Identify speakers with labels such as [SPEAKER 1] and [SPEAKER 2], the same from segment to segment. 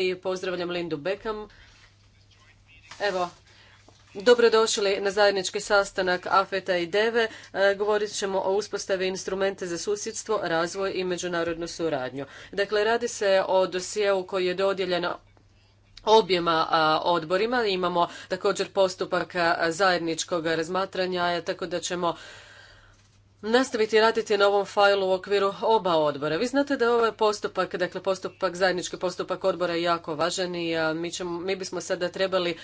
[SPEAKER 1] i pozdravljam Lindu Beckham. Evo, dobrodošli na zajednički sastanak AFETA i DEVE. E, govorit ćemo o uspostavi instrumente za susjedstvo, razvoj i međunarodnu suradnju. Dakle, radi se o dosjevu koji je dodijeljen objema odborima. Imamo također postupak zajedničkog razmatranja, tako da ćemo nastaviti raditi na ovom fajlu u okviru oba odbora. Vi znate da je ovaj postupak, dakle postupak, zajednički postupak odbora je jako važan i mi, ćemo, mi bismo sada trebali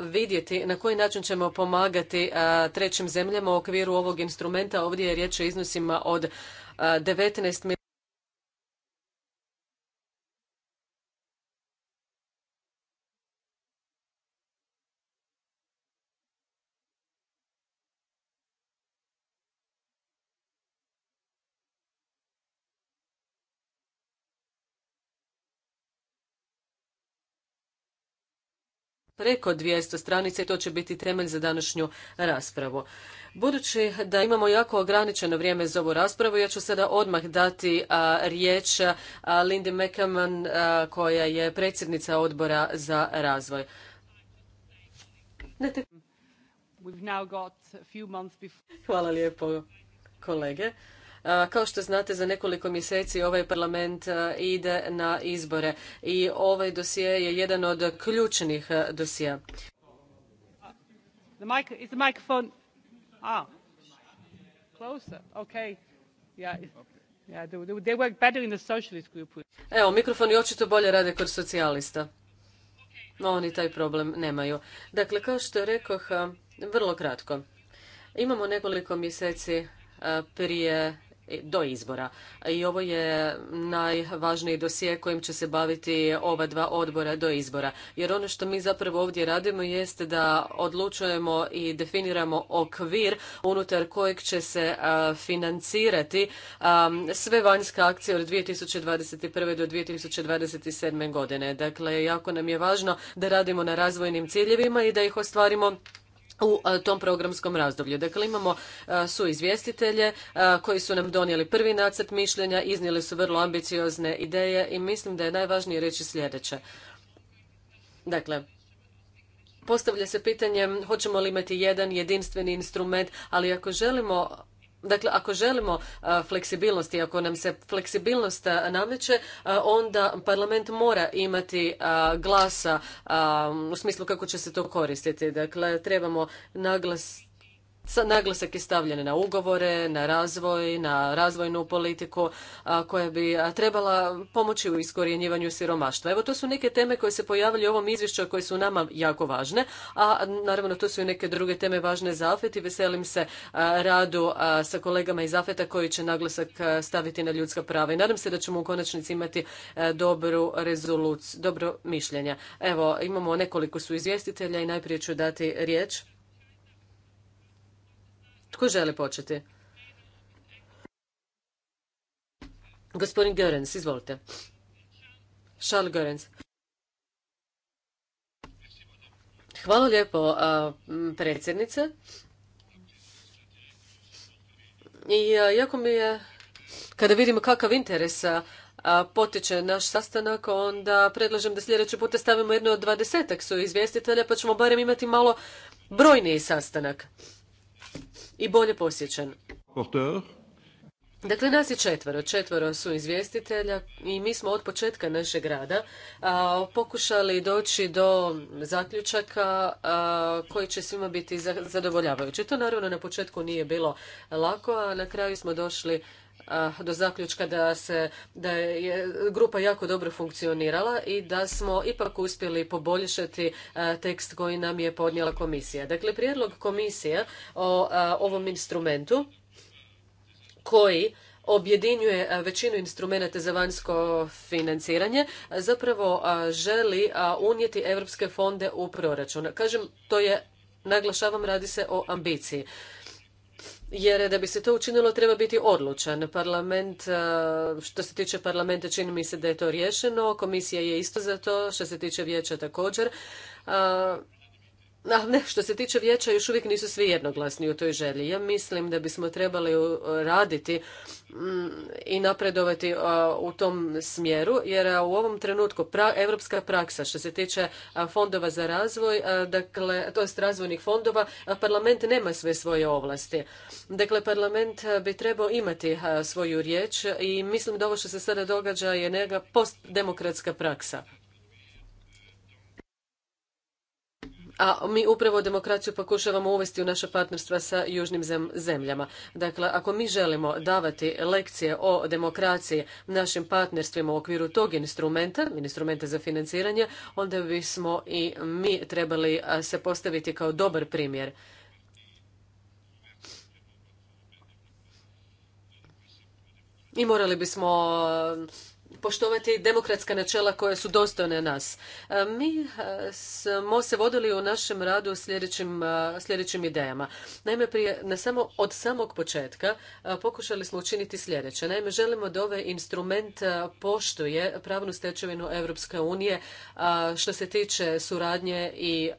[SPEAKER 1] vidjeti na koji način ćemo pomagati trećim zemljama u okviru ovog instrumenta. Ovdje je riječ o iznosima od 19 milijuna preko 200 stranica i to će biti temelj za današnju raspravu. Budući da imamo jako ograničeno vrijeme za ovu raspravu, ja ću sada odmah dati riječ a, Lindy Mekaman koja je predsjednica odbora za razvoj. Hvala lijepo kolege. Kao što znate, za nekoliko mjeseci ovaj parlament ide na izbore i ovaj dosije je jedan od ključnih dosija. The mic, is the Evo, mikrofoni očito bolje rade kod socijalista. No, oni taj problem nemaju. Dakle, kao što rekoh, vrlo kratko. Imamo nekoliko mjeseci prije do izbora. I ovo je najvažniji dosije kojim će se baviti ova dva odbora do izbora. Jer ono što mi zapravo ovdje radimo jeste da odlučujemo i definiramo okvir unutar kojeg će se financirati sve vanjske akcije od 2021. do 2027. godine. Dakle, jako nam je važno da radimo na razvojnim ciljevima i da ih ostvarimo u e, tom programskom razdoblju. Dakle, imamo e, su izvjestitelje e, koji su nam donijeli prvi nacrt mišljenja, iznijeli su vrlo ambiciozne ideje i mislim da je najvažnije reći sljedeće. Dakle, postavlja se pitanje hoćemo li imati jedan jedinstveni instrument, ali ako želimo Dakle, ako želimo fleksibilnost i ako nam se fleksibilnost nameće, onda parlament mora imati glasa u smislu kako će se to koristiti. Dakle, trebamo naglas naglasak je stavljen na ugovore, na razvoj, na razvojnu politiku koja bi trebala pomoći u iskorjenjivanju siromaštva. Evo, to su neke teme koje se pojavljaju u ovom izvješću, a koje su nama jako važne, a naravno to su i neke druge teme važne za AFET i veselim se radu sa kolegama iz Afeta koji će naglasak staviti na ljudska prava. I nadam se da ćemo u konačnici imati dobru rezoluciju, dobro mišljenje. Evo, imamo nekoliko su izvjestitelja i najprije ću dati riječ tko želi početi? Gospodin Görens, izvolite. Šal Hvala lijepo, predsjednice. I jako mi je, kada vidimo kakav interes potiče naš sastanak, onda predlažem da sljedeći puta stavimo jedno od dvadesetak su izvjestitelja, pa ćemo barem imati malo brojniji sastanak i bolje posjećen. Dakle, nas je četvoro. Četvoro su izvjestitelja i mi smo od početka našeg rada a, pokušali doći do zaključaka koji će svima biti zadovoljavajući. To naravno na početku nije bilo lako, a na kraju smo došli do zaključka da se da je grupa jako dobro funkcionirala i da smo ipak uspjeli poboljšati tekst koji nam je podnijela komisija. Dakle, prijedlog komisije o ovom instrumentu koji objedinjuje većinu instrumenata za vanjsko financiranje, zapravo želi unijeti europske fonde u proračun. Kažem, to je, naglašavam, radi se o ambiciji jer da bi se to učinilo treba biti odlučan. Parlament, eh, što se tiče parlamenta, čini mi se da je to riješeno. Komisija je isto za to, što se tiče vijeća također. Eh, ali ne, što se tiče vijeća, još uvijek nisu svi jednoglasni u toj želji. Ja mislim da bismo trebali uh, raditi mm, i napredovati uh, u tom smjeru, jer uh, u ovom trenutku europska evropska praksa što se tiče fondova za razvoj, dakle, to jest razvojnih fondova, parlament nema sve svoje ovlasti. Dakle, parlament bi trebao imati svoju riječ i mislim da ovo što se sada događa je neka postdemokratska praksa. a mi upravo demokraciju pokušavamo uvesti u naše partnerstva sa južnim zemljama. Dakle, ako mi želimo davati lekcije o demokraciji našim partnerstvima u okviru tog instrumenta, instrumenta za financiranje, onda bismo i mi trebali se postaviti kao dobar primjer. I morali bismo poštovati demokratska načela koja su dostojna nas. E, mi e, smo se vodili u našem radu sljedećim, e, sljedećim idejama. Naime, prije, na samo, od samog početka pokušali smo učiniti sljedeće. Naime, želimo da ovaj instrument poštuje pravnu stečevinu Europske unije što se tiče suradnje i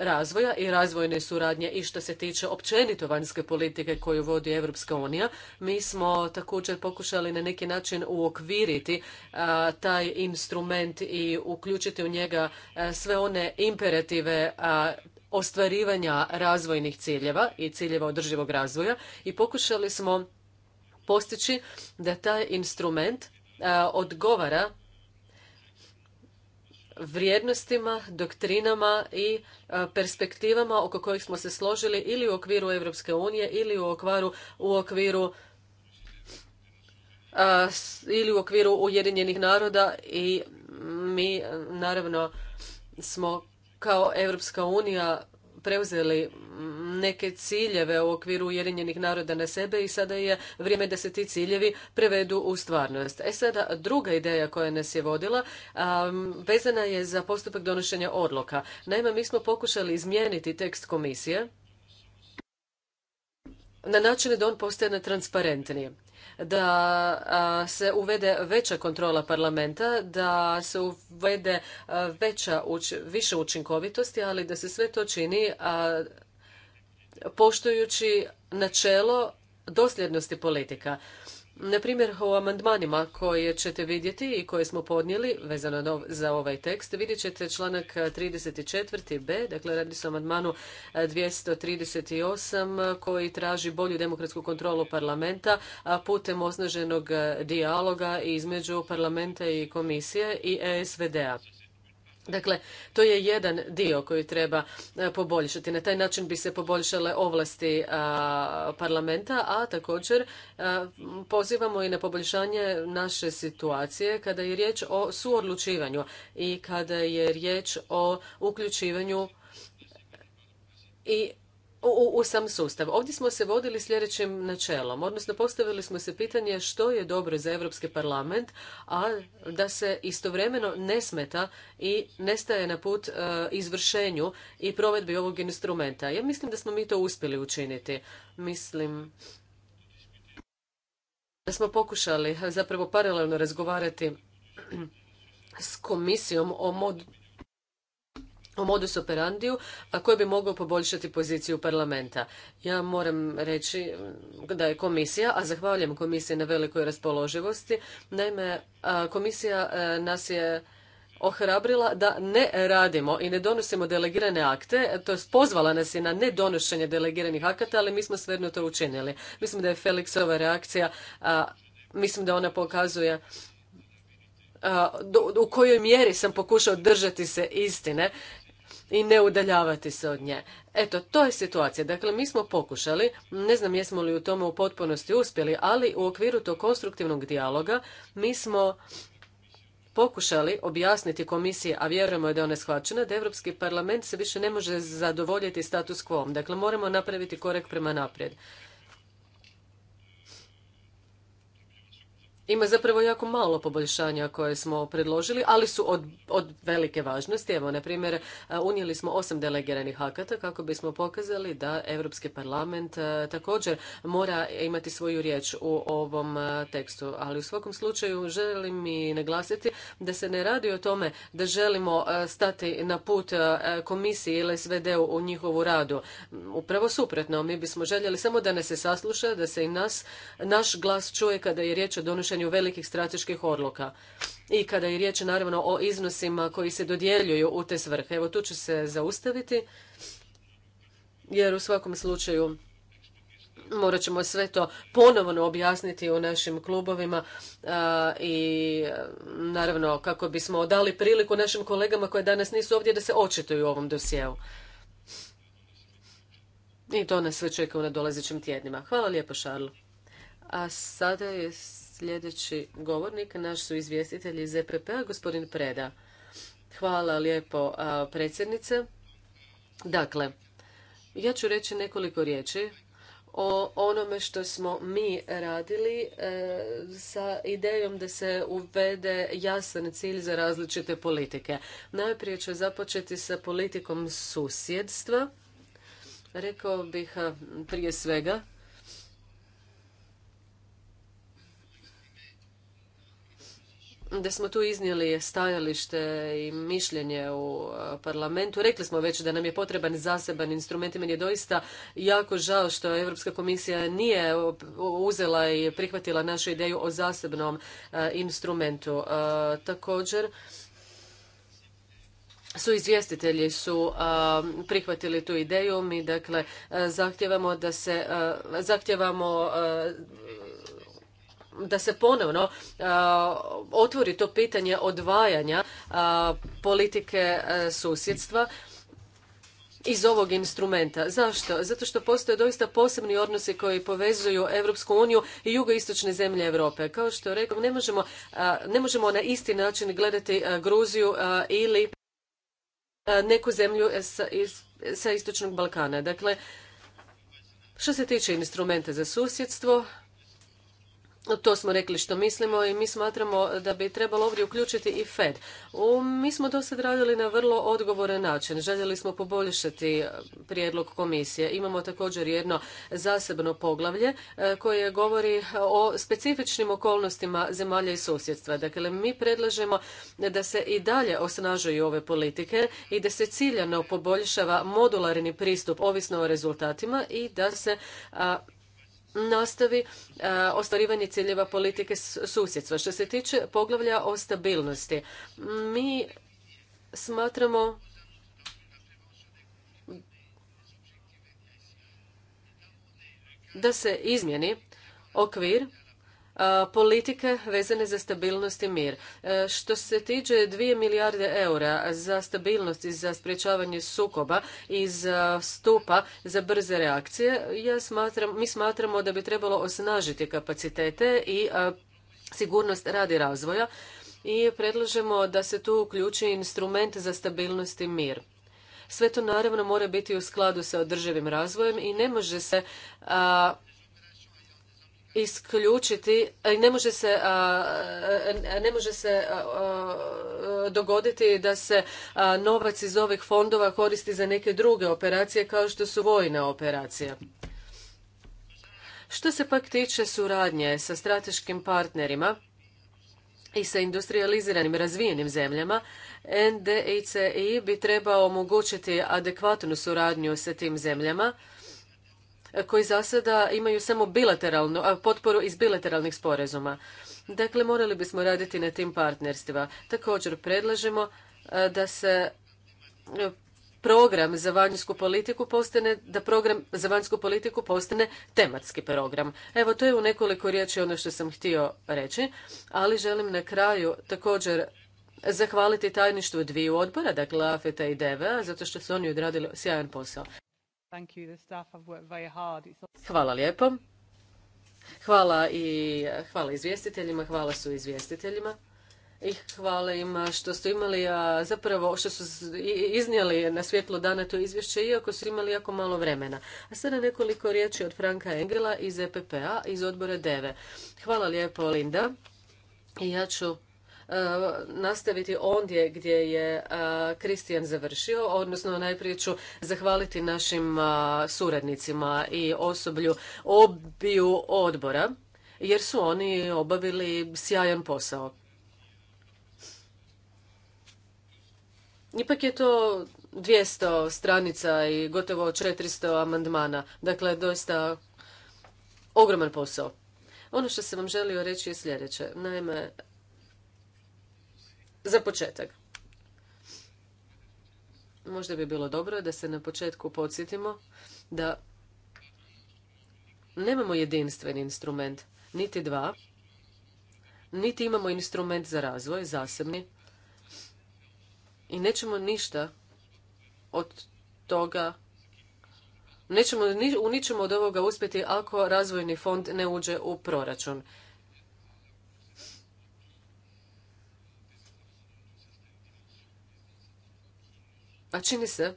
[SPEAKER 1] razvoja i razvojne suradnje i što se tiče općenito vanjske politike koju vodi Europska unija, mi smo također pokušali na neki način uokviriti taj instrument i uključiti u njega sve one imperative ostvarivanja razvojnih ciljeva i ciljeva održivog razvoja i pokušali smo postići da taj instrument odgovara vrijednostima, doktrinama i e, perspektivama oko kojih smo se složili ili u okviru Europske unije ili u okviru u okviru e, ili u okviru Ujedinjenih naroda i mi naravno smo kao Europska unija preuzeli mm, neke ciljeve u okviru Ujedinjenih naroda na sebe i sada je vrijeme da se ti ciljevi prevedu u stvarnost. E sada, druga ideja koja nas je vodila vezana je za postupak donošenja odluka. Naime, mi smo pokušali izmijeniti tekst komisije na način da on postane transparentniji da se uvede veća kontrola parlamenta, da se uvede veća, više učinkovitosti, ali da se sve to čini poštujući načelo dosljednosti politika. Na primjer, o amandmanima koje ćete vidjeti i koje smo podnijeli vezano za ovaj tekst, vidjet ćete članak 34b, dakle radi se o amandmanu 238 e, e, koji traži bolju demokratsku kontrolu parlamenta putem osnaženog e, dijaloga između parlamenta i komisije i esvd a Dakle, to je jedan dio koji treba e, poboljšati. Na taj način bi se poboljšale ovlasti e, parlamenta, a također e, pozivamo i na poboljšanje naše situacije kada je riječ o suodlučivanju i kada je riječ o uključivanju i u, sam sustav. Ovdje smo se vodili sljedećim načelom, odnosno postavili smo se pitanje što je dobro za Europski parlament, a da se istovremeno ne smeta i nestaje na put e, izvršenju i provedbi ovog instrumenta. Ja mislim da smo mi to uspjeli učiniti. Mislim da smo pokušali zapravo paralelno razgovarati s komisijom o mod u modus operandiju, a koji bi mogao poboljšati poziciju parlamenta. Ja moram reći mm, da je komisija, a zahvaljujem komisiji na velikoj raspoloživosti, naime, komisija e, nas je ohrabrila da ne radimo i ne donosimo delegirane akte, to je pozvala nas je na nedonošenje delegiranih akata, ali mi smo svejedno to učinili. Mislim da je Felixova reakcija, a, mislim da ona pokazuje u kojoj mjeri sam pokušao držati se istine i ne udaljavati se od nje. Eto, to je situacija. Dakle, mi smo pokušali, ne znam jesmo li u tome u potpunosti uspjeli, ali u okviru tog konstruktivnog dijaloga mi smo pokušali objasniti komisiji, a vjerujemo da je ona shvaćena, da Europski parlament se više ne može zadovoljiti status quo. Dakle, moramo napraviti korek prema naprijed. Ima zapravo jako malo poboljšanja koje smo predložili, ali su od, od velike važnosti. Evo, na primjer, e, unijeli smo osam delegiranih akata kako bismo pokazali da Europski parlament e, također mora imati svoju riječ u ovom e, tekstu. Ali u svakom slučaju želim i naglasiti da se ne radi o tome da želimo stati na put komisiji ili SVD-u u njihovu radu. Upravo suprotno, mi bismo željeli samo da ne se sasluša, da se i nas, naš glas čuje kada je riječ o donošenju donošenju velikih strateških odluka. I kada je riječ naravno o iznosima koji se dodjeljuju u te svrhe. Evo tu ću se zaustaviti jer u svakom slučaju morat ćemo sve to ponovno objasniti u našim klubovima i naravno kako bismo dali priliku našim kolegama koje danas nisu ovdje da se očituju u ovom dosjeu. I to nas sve čeka u nadolazećim tjednima. Hvala lijepo, Šarlo. A sada je Sljedeći govornik, naš su izvjestitelji iz EPP-a, gospodin Preda. Hvala lijepo predsjednice. Dakle, ja ću reći nekoliko riječi o onome što smo mi radili e, sa idejom da se uvede jasan cilj za različite politike. Najprije ću započeti sa politikom susjedstva. Rekao bih prije svega da smo tu iznijeli stajalište i mišljenje u e, parlamentu. Rekli smo već da nam je potreban zaseban instrument i meni je doista jako žao što Europska komisija nije uzela i prihvatila našu ideju o zasebnom e, instrumentu. E, također, su izvjestitelji su prihvatili tu ideju mi dakle zahtjevamo da se Zahtjevamo da se ponovno uh, otvori to pitanje odvajanja uh, politike uh, susjedstva iz ovog instrumenta. Zašto? Zato što postoje doista posebni odnosi koji povezuju Europsku uniju i jugoistočne zemlje Europe. Kao što rekao, ne možemo, ne možemo na isti način gledati Gruziju ili neku zemlju sa, sa istočnog Balkana. Dakle, što se tiče instrumenta za susjedstvo, to smo rekli što mislimo i mi smatramo da bi trebalo ovdje uključiti i Fed. mi smo do sad radili na vrlo odgovoran način. Željeli smo poboljšati e, prijedlog komisije. Imamo također jedno zasebno poglavlje e, koje govori o specifičnim okolnostima zemalja i susjedstva. Dakle, mi predlažemo da se i dalje osnažuju ove politike i da se ciljano poboljšava modularni pristup ovisno o rezultatima i da se nastavi e, ostvarivanje ciljeva politike susjedstva. Što se tiče poglavlja o stabilnosti, mi smatramo da se izmjeni okvir politike vezane za stabilnost i mir. E, što se tiče 2 milijarde eura za stabilnost i za sprječavanje sukoba iz stupa za brze reakcije, ja smatram, mi smatramo da bi trebalo osnažiti kapacitete i sigurnost radi razvoja i predlažemo da se tu uključi instrument za stabilnost i mir. Sve to naravno mora biti u skladu sa održivim razvojem i ne može se isključiti e, ne može se e, ne može se dogoditi da se novac iz ovih fondova koristi za neke druge operacije kao što su vojne operacije. Što se pak tiče suradnje sa strateškim partnerima i sa industrializiranim razvijenim zemljama, NDICI bi trebao omogućiti adekvatnu suradnju sa tim zemljama koji za sada imaju samo bilateralnu, potporu iz bilateralnih sporazuma. Dakle, morali bismo raditi na tim partnerstvima. Također predlažemo e, da se e, program za vanjsku politiku postane, da program za vanjsku politiku postane tematski program. Evo, to je u nekoliko riječi ono što sam htio reći, ali želim na kraju također zahvaliti tajništvu dviju odbora, dakle AFETA i DVA, zato što su oni odradili sjajan posao. Hvala lijepo. Hvala i hvala izvjestiteljima, hvala su izvjestiteljima i hvala im što su imali, zapravo što su iznijeli na svjetlo dana to izvješće, iako su imali jako malo vremena. A sada nekoliko riječi od Franka Engela iz EPPA, iz odbora DEVE. Hvala lijepo, Linda. I ja ću Eh, nastaviti ondje gdje je Kristijan eh, završio, odnosno najprije ću zahvaliti našim eh, suradnicima i osoblju obiju odbora, jer su oni obavili sjajan posao. Ipak je to 200 stranica i gotovo 400 amandmana. Dakle, doista ogroman posao. Ono što sam vam želio reći je sljedeće. Naime, za početak. Možda bi bilo dobro da se na početku podsjetimo da nemamo jedinstveni instrument, niti dva, niti imamo instrument za razvoj, zasebni, i nećemo ništa od toga Nećemo u ničemu od ovoga uspjeti ako razvojni fond ne uđe u proračun. A čini se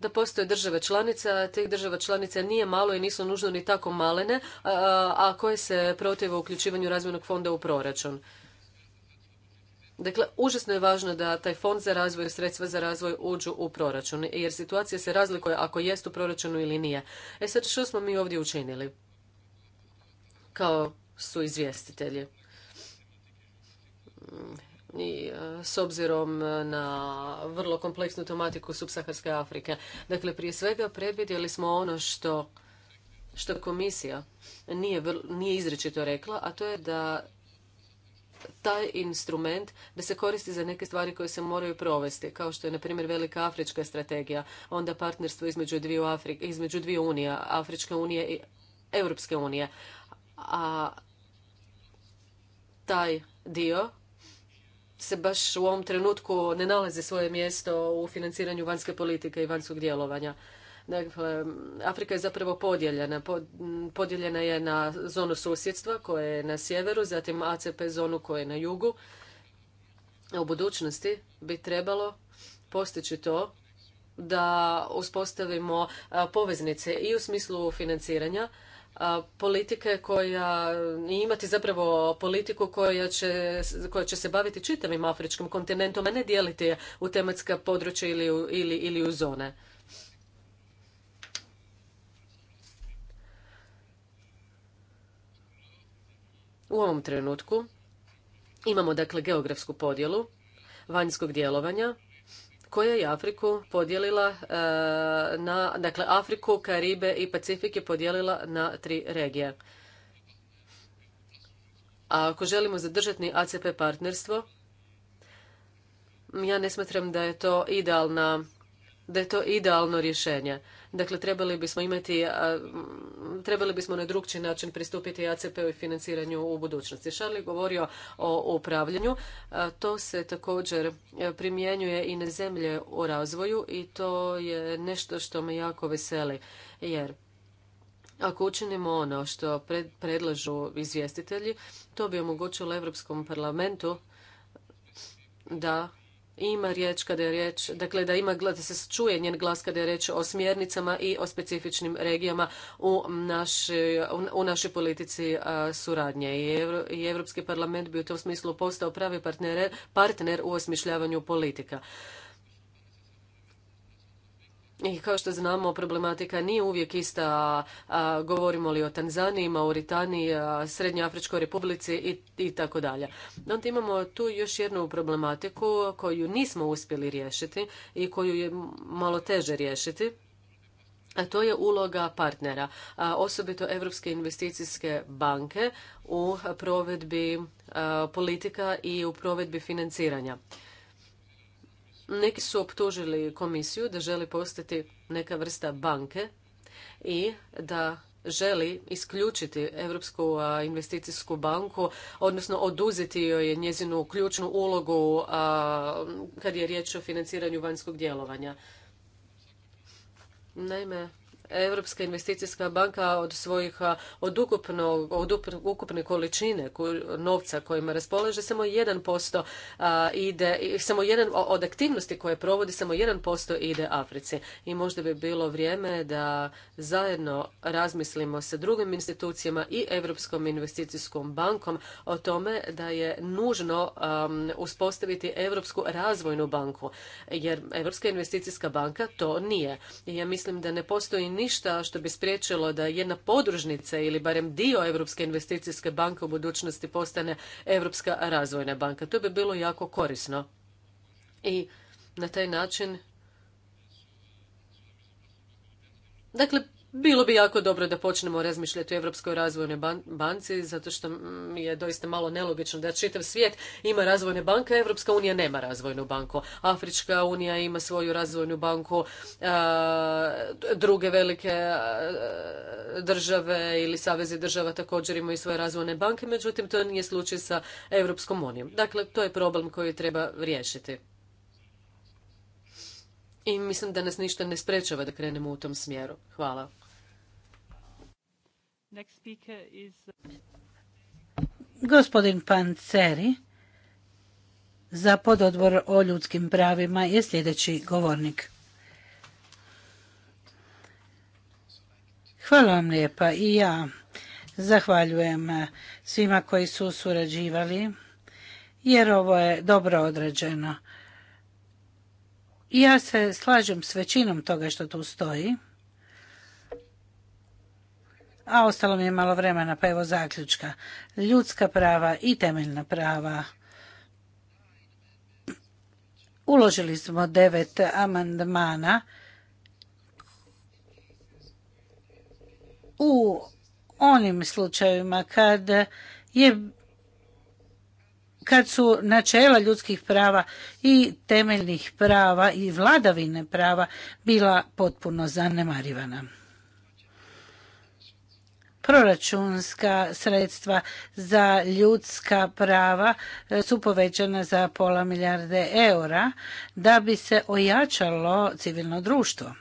[SPEAKER 1] da postoje države članica, a tih država članica nije malo i nisu nužno ni tako malene, a, koje se protive uključivanju razvojnog fonda u proračun. Dakle, užasno je važno da taj fond za razvoj, sredstva za razvoj uđu u proračun, jer situacija se razlikuje ako jest u proračunu ili nije. E sad, što smo mi ovdje učinili? Kao su izvjestitelji i e, s obzirom na vrlo kompleksnu tematiku subsaharske Afrike. Dakle, prije svega predvidjeli smo ono što, što komisija nije, nije izrečito rekla, a to je da taj instrument da se koristi za neke stvari koje se moraju provesti, kao što je, na primjer, velika afrička strategija, onda partnerstvo između dviju, Afrika između dvije unija, Afričke unije i Europske unije. A taj dio se baš u ovom trenutku ne nalazi svoje mjesto u financiranju vanjske politike i vanjskog djelovanja. Dakle, Afrika je zapravo podijeljena. Podijeljena je na zonu susjedstva koja je na sjeveru, zatim ACP zonu koja je na jugu. U budućnosti bi trebalo postići to da uspostavimo e, poveznice i u smislu financiranja e, politike koja i imati zapravo politiku koja će, koja će se baviti čitavim afričkim kontinentom, a ne dijeliti u tematska područja ili, ili u zone. U ovom trenutku imamo dakle geografsku podjelu vanjskog djelovanja koja je Afriku podijelila e, na, dakle Afriku, Karibe i Pacifik je podijelila na tri regije. A ako želimo zadržati ACP partnerstvo, ja ne smatram da je to da je to idealno rješenje. Dakle, trebali bismo imati, trebali bismo na drukčiji način pristupiti ACP-u i financiranju u budućnosti. Šarli govorio o upravljanju. To se također e, primjenjuje i na zemlje u razvoju i to je nešto što me jako veseli. Jer ako učinimo ono što predlažu izvjestitelji, to bi omogućilo Europskom parlamentu da ima riječ kada je riječ, dakle da ima da se čuje njen glas kada je riječ o smjernicama i o specifičnim regijama u našoj, u našoj politici suradnje. I Europski parlament bi u tom smislu postao pravi partner, partner u osmišljavanju politika. I kao što znamo, problematika nije uvijek ista, govorimo li o Tanzaniji, Mauritaniji, Srednjoafričkoj republici i, i tako dalje. Onda imamo tu još jednu problematiku koju nismo uspjeli riješiti i koju je malo teže riješiti. A to je uloga partnera, osobito Europske investicijske banke u provedbi politika i u provedbi financiranja. Neki su optužili komisiju da želi postati neka vrsta banke i da želi isključiti Europsku investicijsku banku, odnosno oduzeti joj njezinu ključnu ulogu kad je riječ o financiranju vanjskog djelovanja. Naime, Europska investicijska banka od svojih, od, ukupno, od ukupne količine novca kojima raspolaže samo 1% ide, samo jedan od aktivnosti koje provodi samo 1% ide Africi. I možda bi bilo vrijeme da zajedno razmislimo sa drugim institucijama i Europskom investicijskom bankom o tome da je nužno uspostaviti Europsku razvojnu banku, jer Europska investicijska banka to nije. I ja mislim da ne postoji ni ništa što bi spriječilo da jedna podružnica ili barem dio Europske investicijske banke u budućnosti postane Europska razvojna banka. To bi bilo jako korisno. I na taj način Dakle, bilo bi jako dobro da počnemo razmišljati o Europskoj razvojnoj banci, zato što mm, je doista malo nelogično da čitav svijet ima razvojne banke, a Evropska unija nema razvojnu banku. Afrička unija ima svoju razvojnu banku, druge velike države ili savezi država također imaju svoje razvojne banke, međutim to nije slučaj sa Europskom unijom. Dakle, to je problem koji treba riješiti. I mislim da nas ništa ne sprečava da krenemo u tom smjeru. Hvala.
[SPEAKER 2] Next speaker is... Uh, Gospodin Panceri za pododbor o ljudskim pravima je sljedeći govornik. Hvala vam lijepa i ja zahvaljujem svima koji su surađivali jer ovo je dobro određeno. Ja se slažem s većinom toga što tu stoji a ostalo mi je malo vremena, pa evo zaključka. Ljudska prava i temeljna prava. Uložili smo devet amandmana u onim slučajevima kad je kad su načela ljudskih prava i temeljnih prava i vladavine prava bila potpuno zanemarivana proračunska sredstva za ljudska prava e, su povećana za pola milijarde eura da bi se ojačalo civilno društvo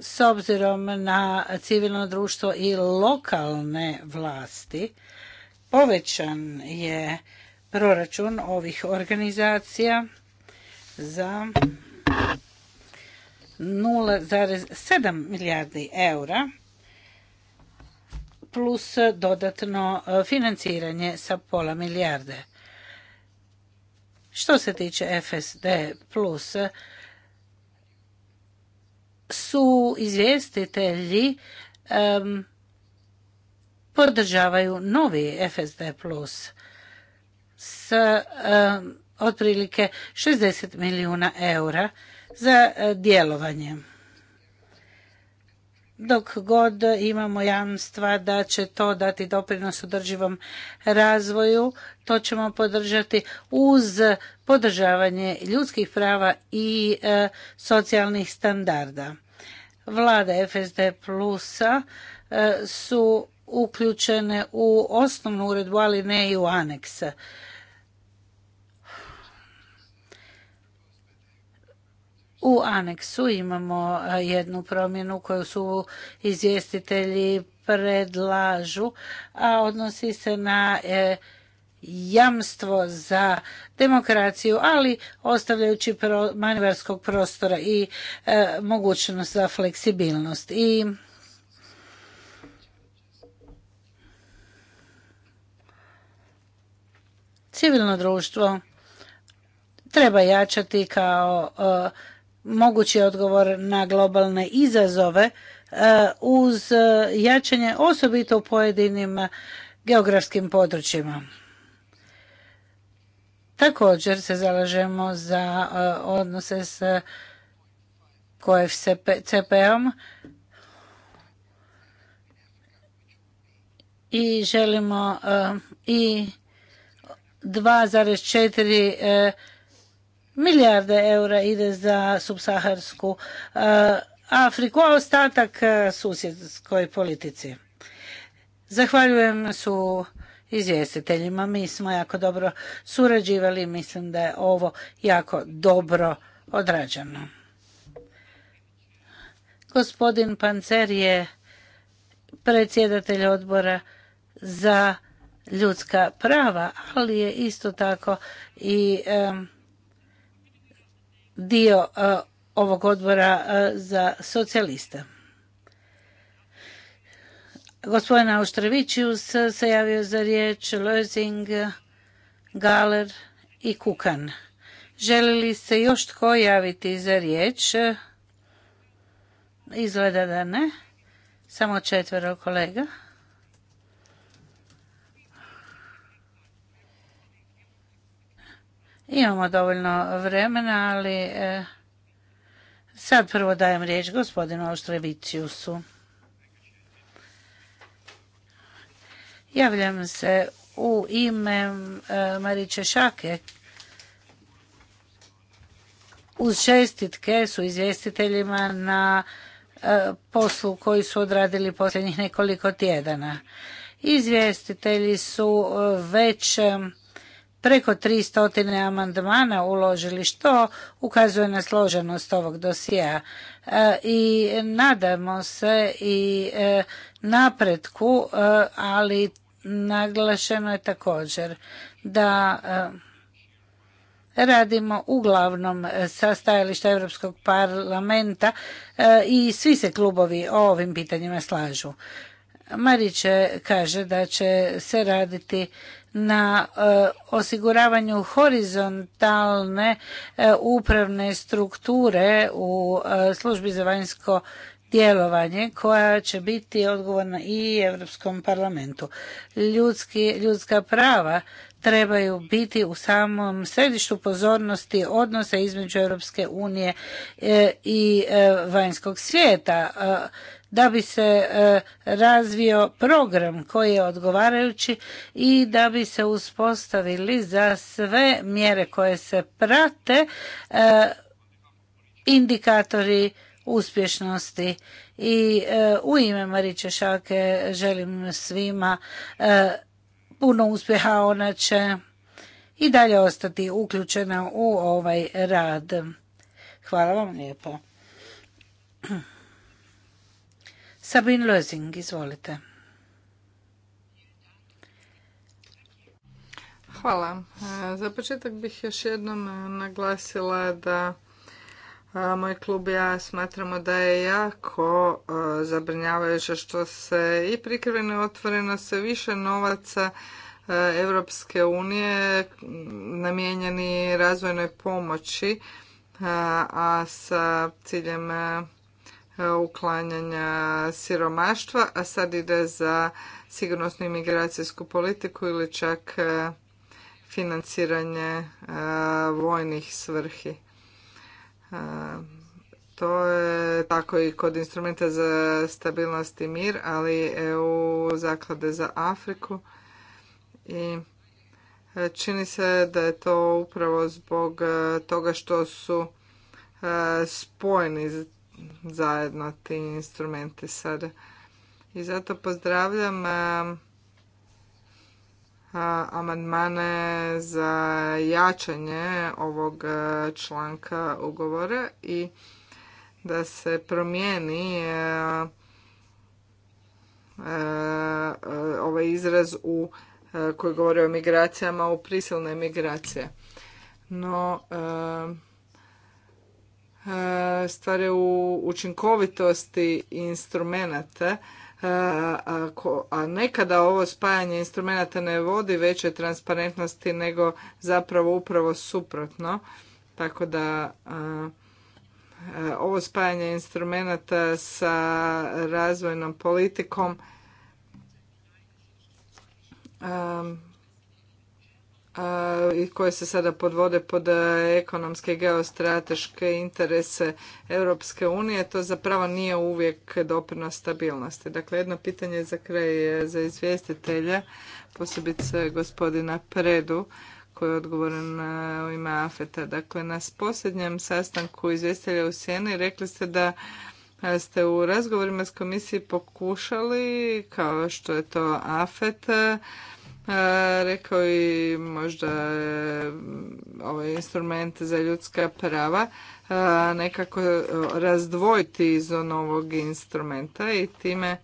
[SPEAKER 2] s obzirom na civilno društvo i lokalne vlasti povećan je proračun ovih organizacija za 0,7 milijardi eura plus dodatno e, financiranje sa pola milijarde. Što se tiče FSD plus, su izvjestitelji um, podržavaju novi FSD plus s um, otprilike 60 milijuna eura za e, djelovanje dok god imamo jamstva da će to dati doprinos održivom razvoju, to ćemo podržati uz podržavanje ljudskih prava i e, socijalnih standarda. Vlada FSD Plusa e, su uključene u osnovnu uredbu, ali ne i u aneks. U aneksu imamo e, jednu promjenu koju su izvjestitelji predlažu, a odnosi se na e, jamstvo za demokraciju, ali ostavljajući manevarskog prostora i e, mogućnost za fleksibilnost. I civilno društvo treba jačati kao mogući odgovor na globalne izazove e, uz e, jačanje osobito u pojedinim e, geografskim područjima. Također se zalažemo za odnose s koje om i želimo i 2,4 milijarde eura ide za subsaharsku eh, Afriku, a ostatak eh, susjedskoj politici. Zahvaljujem su izvjestiteljima. Mi smo jako dobro surađivali. Mislim da je ovo jako dobro odrađeno. Gospodin Pancer je predsjedatelj odbora za ljudska prava, ali je isto tako i dio e, ovog odbora e, za socijalista. Gospodina Auštrevićius se javio za riječ, Lozing, Galer i Kukan. Želi li se još tko javiti za riječ? Izgleda da ne. Samo četvero kolega. Imamo dovoljno vremena, ali e, sad prvo dajem riječ gospodinu Oštrevicijusu. Javljam se u ime e, Mariće Šake. Uz čestitke su izvjestiteljima na e, poslu koji su odradili posljednjih nekoliko tjedana. Izvjestitelji su već preko 300 amandmana uložili, što ukazuje na složenost ovog dosjea. E, I nadamo se i e, napretku, e, ali naglašeno je također da radimo uglavnom sa stajališta Europskog parlamenta i svi se klubovi o ovim pitanjima slažu. Mariće kaže da će se raditi na e, osiguravanju horizontalne e, upravne strukture u e, službi za vanjsko djelovanje koja će biti odgovorna i Europskom parlamentu. Ljudski, ljudska prava trebaju biti u samom središtu pozornosti odnosa između Europske unije i vanjskog svijeta da bi se e, razvio program koji je odgovarajući i da bi se uspostavili za sve mjere koje se prate e, indikatori uspješnosti i e, u ime Mariće Šake želim svima puno uspjeha, ona će i dalje ostati uključena u ovaj rad. Hvala vam lijepo. Sabine Lozing, izvolite.
[SPEAKER 3] Hvala. Za početak bih još jednom e, naglasila da e, moj klub i ja smatramo da je jako e, zabrinjavajuće što se i prikriveno otvoreno se više novaca Europske unije namijenjeni razvojnoj pomoći, a sa ciljem E, uklanjanja siromaštva, a sad ide za sigurnosnu imigracijsku politiku ili čak e, financiranje e, vojnih svrhi. To je tako i kod instrumenta za stabilnost i mir, ali EU zaklade za Afriku i čini se da je to upravo zbog toga što su spojeni zajedno ti instrumenti sada. I zato pozdravljam amandmane za jačanje ovog članka ugovora i da se promijeni ovaj izraz u koji govori o migracijama u prisilne migracije. No, E, stvari u učinkovitosti instrumenata, e, a nekada ovo spajanje instrumenata ne vodi veće transparentnosti nego zapravo upravo suprotno. Tako da e, ovo spajanje instrumenata sa razvojnom politikom i koje se sada podvode pod e, ekonomske i geostrateške interese Europske unije, to zapravo nije uvijek doprinos stabilnosti. Dakle, jedno pitanje za kraj za izvjestitelja, posebice gospodina Predu, koji je odgovoran e, u ime AFETA. Dakle, na posljednjem sastanku izvjestitelja u Sjeni rekli ste da e, ste u razgovorima s komisiji pokušali, kao što je to AFET, E, rekao i možda e, ovaj instrument za ljudska prava e, nekako razdvojiti iz onog instrumenta i time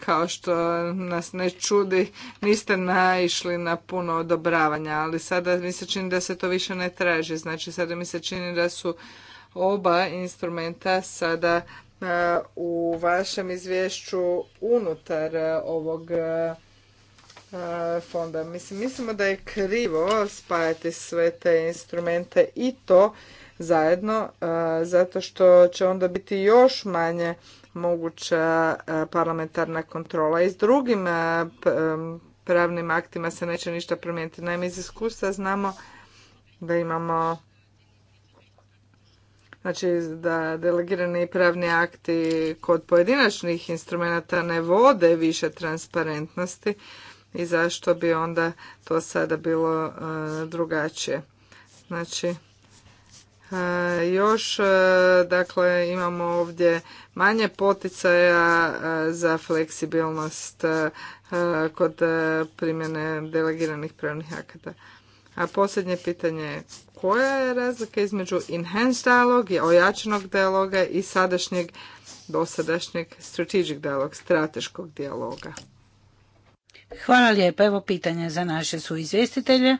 [SPEAKER 3] kao što nas ne čudi niste naišli na puno odobravanja ali sada mi se čini da se to više ne traži znači sada mi se čini da su oba instrumenta sada u vašem izvješću unutar ovog E, fonda. Mislim, mislimo da je krivo spajati sve te instrumente i to zajedno, e, zato što će onda biti još manje moguća e, parlamentarna kontrola i s drugim pravnim aktima se neće ništa promijeniti. Naime, iz iskustva znamo da imamo znači da delegirani pravni akti kod pojedinačnih instrumenta ne vode više transparentnosti, i zašto bi onda to sada bilo e, drugačije. Znači, e, još e, dakle imamo ovdje manje poticaja za fleksibilnost kod primjene delegiranih pravnih akata. A posljednje pitanje je koja je razlika između enhanced dialog i ojačanog dijaloga i sadašnjeg dosadašnjeg strategic dialog, strateškog dijaloga?
[SPEAKER 2] Hvala lijepa. Evo pitanje za naše su izvjestitelje.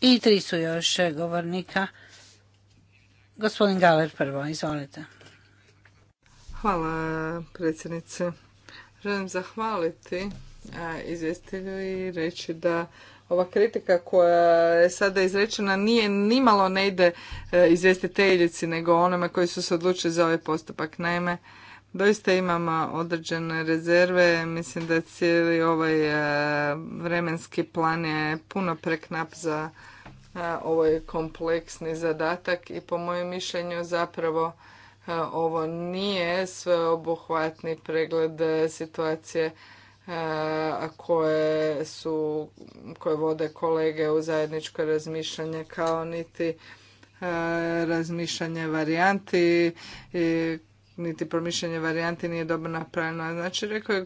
[SPEAKER 2] I tri su još govornika. Gospodin Galer prvo, izvolite. Hvala predsjednice.
[SPEAKER 3] Želim zahvaliti izvjestitelju i reći da ova kritika koja je sada izrečena nije nimalo ne ide e, izvjestiteljici nego onome koji su se odlučili za ovaj postupak. Naime, Doista imamo određene rezerve, mislim da cijeli ovaj e, vremenski plan je puno preknap za e, ovaj kompleksni zadatak i po mojem mišljenju zapravo e, ovo nije sveobuhvatni pregled situacije koje su, koje vode kolege u zajedničko razmišljanje kao niti razmišljanje varijanti niti promišljanje varijanti nije dobro napravljeno. Znači, rekao je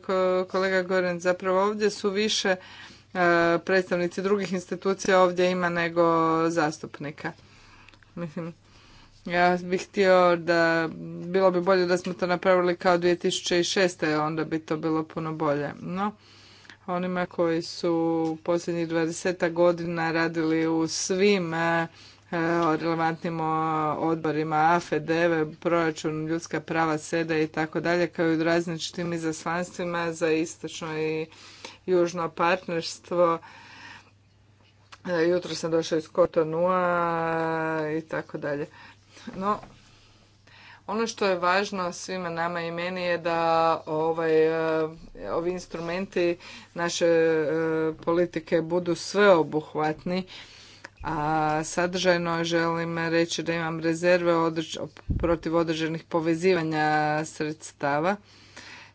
[SPEAKER 3] kolega Goren, zapravo ovdje su više e, predstavnici drugih institucija ovdje ima nego zastupnika. Mislim, ja bih htio da bilo bi bolje da smo to napravili kao 2006. onda bi to bilo puno bolje. No, onima koji su posljednjih 20 godina radili u svim e, E, o relevantnim odborima AFEDEVE, proračun ljudska prava seda i tako dalje, kao i u različitim izaslanstvima za istočno i južno partnerstvo. E, jutro sam došao iz Kotonua i tako dalje. No, ono što je važno svima nama i meni je da ovaj, e, ovi instrumenti naše politike budu sveobuhvatni a sadržajno želim reći da imam rezerve protiv određenih povezivanja sredstava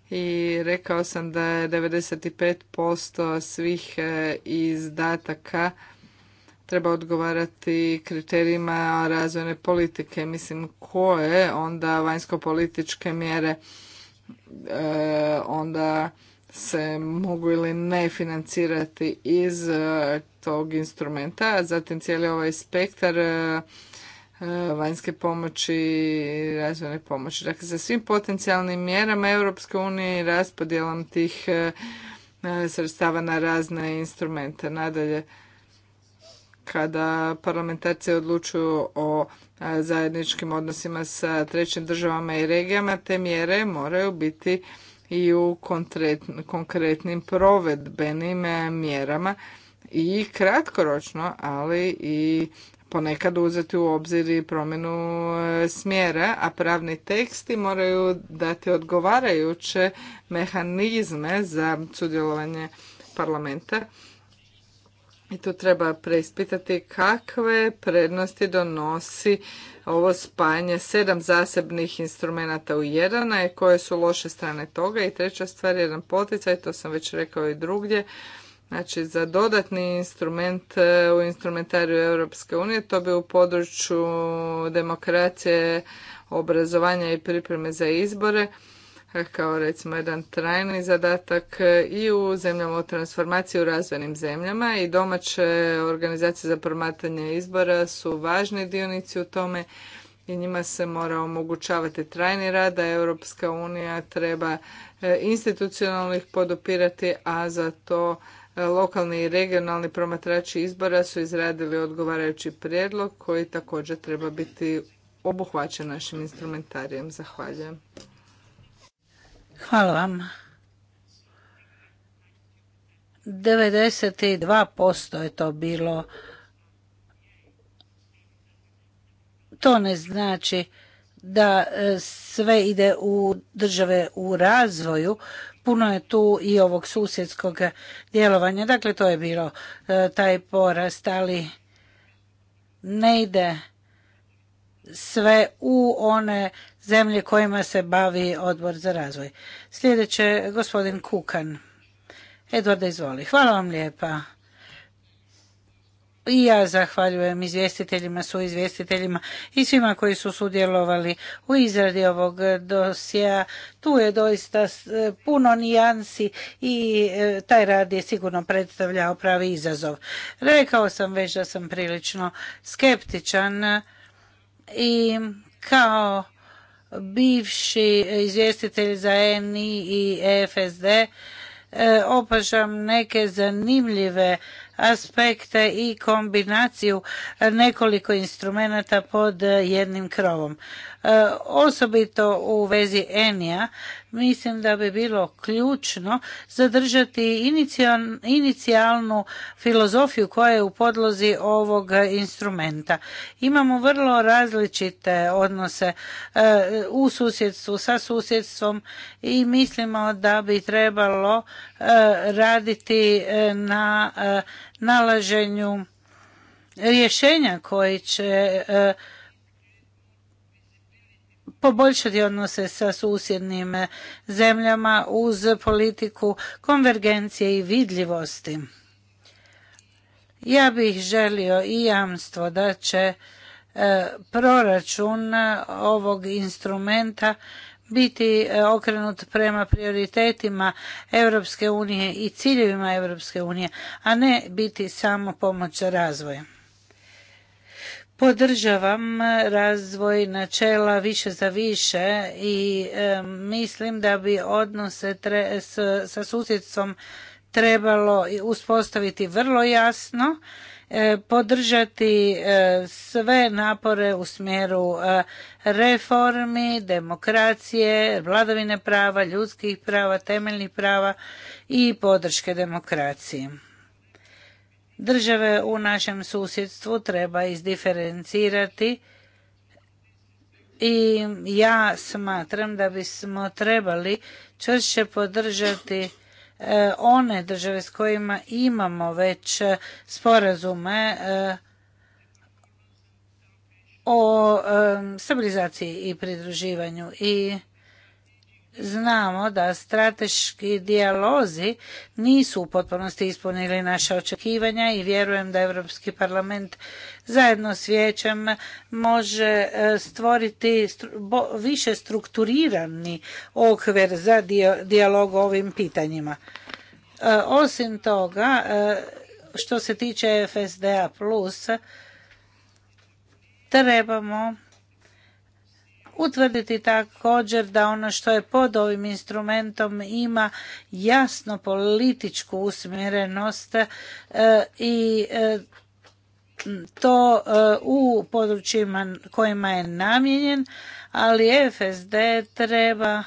[SPEAKER 3] i rekao sam da je 95% svih e, izdataka treba odgovarati kriterijima razvojne politike. Mislim, koje onda vanjsko-političke mjere e, onda se mogu ili ne financirati iz e, tog instrumenta, a zatim cijeli ovaj spektar e, e, vanjske pomoći i razvojne pomoći. Dakle, sa svim potencijalnim mjerama Europske unije i raspodjelom tih sredstava na razne instrumente. Nadalje, kada parlamentarci odlučuju o zajedničkim odnosima sa trećim državama i regijama, te mjere moraju biti i u konkretnim provedbenim e, mjerama i kratkoročno, ali i ponekad uzeti u obzir i promjenu e, smjera, a pravni teksti moraju dati odgovarajuće mehanizme za sudjelovanje parlamenta i tu treba preispitati kakve prednosti donosi ovo spajanje sedam zasebnih instrumenata u jedan, a koje su loše strane toga. I treća stvar, jedan poticaj, to sam već rekao i drugdje, znači za dodatni instrument e, u instrumentariju Europske unije, to bi u području demokracije, obrazovanja i pripreme za izbore kao recimo jedan trajni zadatak e, i u zemljama u transformaciji u razvojnim zemljama i domaće organizacije za promatranje izbora su važni dionici u tome i njima se mora omogućavati trajni rad, a Europska unija treba e, institucionalno ih podopirati, a za to e, lokalni i regionalni promatrači izbora su izradili odgovarajući prijedlog koji također treba biti obuhvaćen našim instrumentarijem. Zahvaljujem.
[SPEAKER 2] Hvala vam. 92% je to bilo. To ne znači da e, sve ide u države u razvoju. Puno je tu i ovog susjedskog djelovanja. Dakle, to je bilo e, taj porast, ali ne ide sve u one zemlje kojima se bavi odbor za razvoj. Sljedeće, gospodin Kukan. Edvarda, izvoli. Hvala vam lijepa. I ja zahvaljujem izvjestiteljima, su izvjestiteljima i svima koji su sudjelovali u izradi ovog dosija. Tu je doista e, puno nijansi i e, taj rad je sigurno predstavljao pravi izazov. Rekao sam već da sam prilično skeptičan i kao bivši izvjestitelj za ENI i EFSD e, opažam neke zanimljive aspekte i kombinaciju nekoliko instrumenata pod jednim krovom. E, osobito u vezi ENI-a mislim da bi bilo ključno zadržati inicijalnu filozofiju koja je u podlozi ovog instrumenta. Imamo vrlo različite odnose e, u susjedstvu, sa susjedstvom i mislimo da bi trebalo e, raditi e, na nalaženju rješenja koji će poboljšati odnose sa susjednim zemljama uz politiku konvergencije i vidljivosti. Ja bih želio i jamstvo da će e, proračun ovog instrumenta biti e, okrenut prema prioritetima Europske unije i ciljevima Europske unije, a ne biti samo pomoć za Podržavam razvoj načela više za više i e, mislim da bi odnose s, sa susjedstvom trebalo uspostaviti vrlo jasno, e, podržati e, sve napore u smjeru reformi, demokracije, vladavine prava, ljudskih prava, temeljnih prava i podrške demokracije. Države u našem susjedstvu treba izdiferencirati i ja smatram da bismo trebali čvršće podržati e, one države s kojima imamo već e, sporazume e, o stabilizaciji i pridruživanju i znamo da strateški dijalozi nisu u potpunosti ispunili naše očekivanja i vjerujem da Europski parlament zajedno s vijećem može e, stvoriti više strukturirani okvir za dijalog o ovim pitanjima. E, osim toga, e, što se tiče FSDA+, trebamo utvrditi također da ono što je pod ovim instrumentom ima jasno političku usmjerenost e, i e, to e, u područjima kojima je namijenjen, ali FSD treba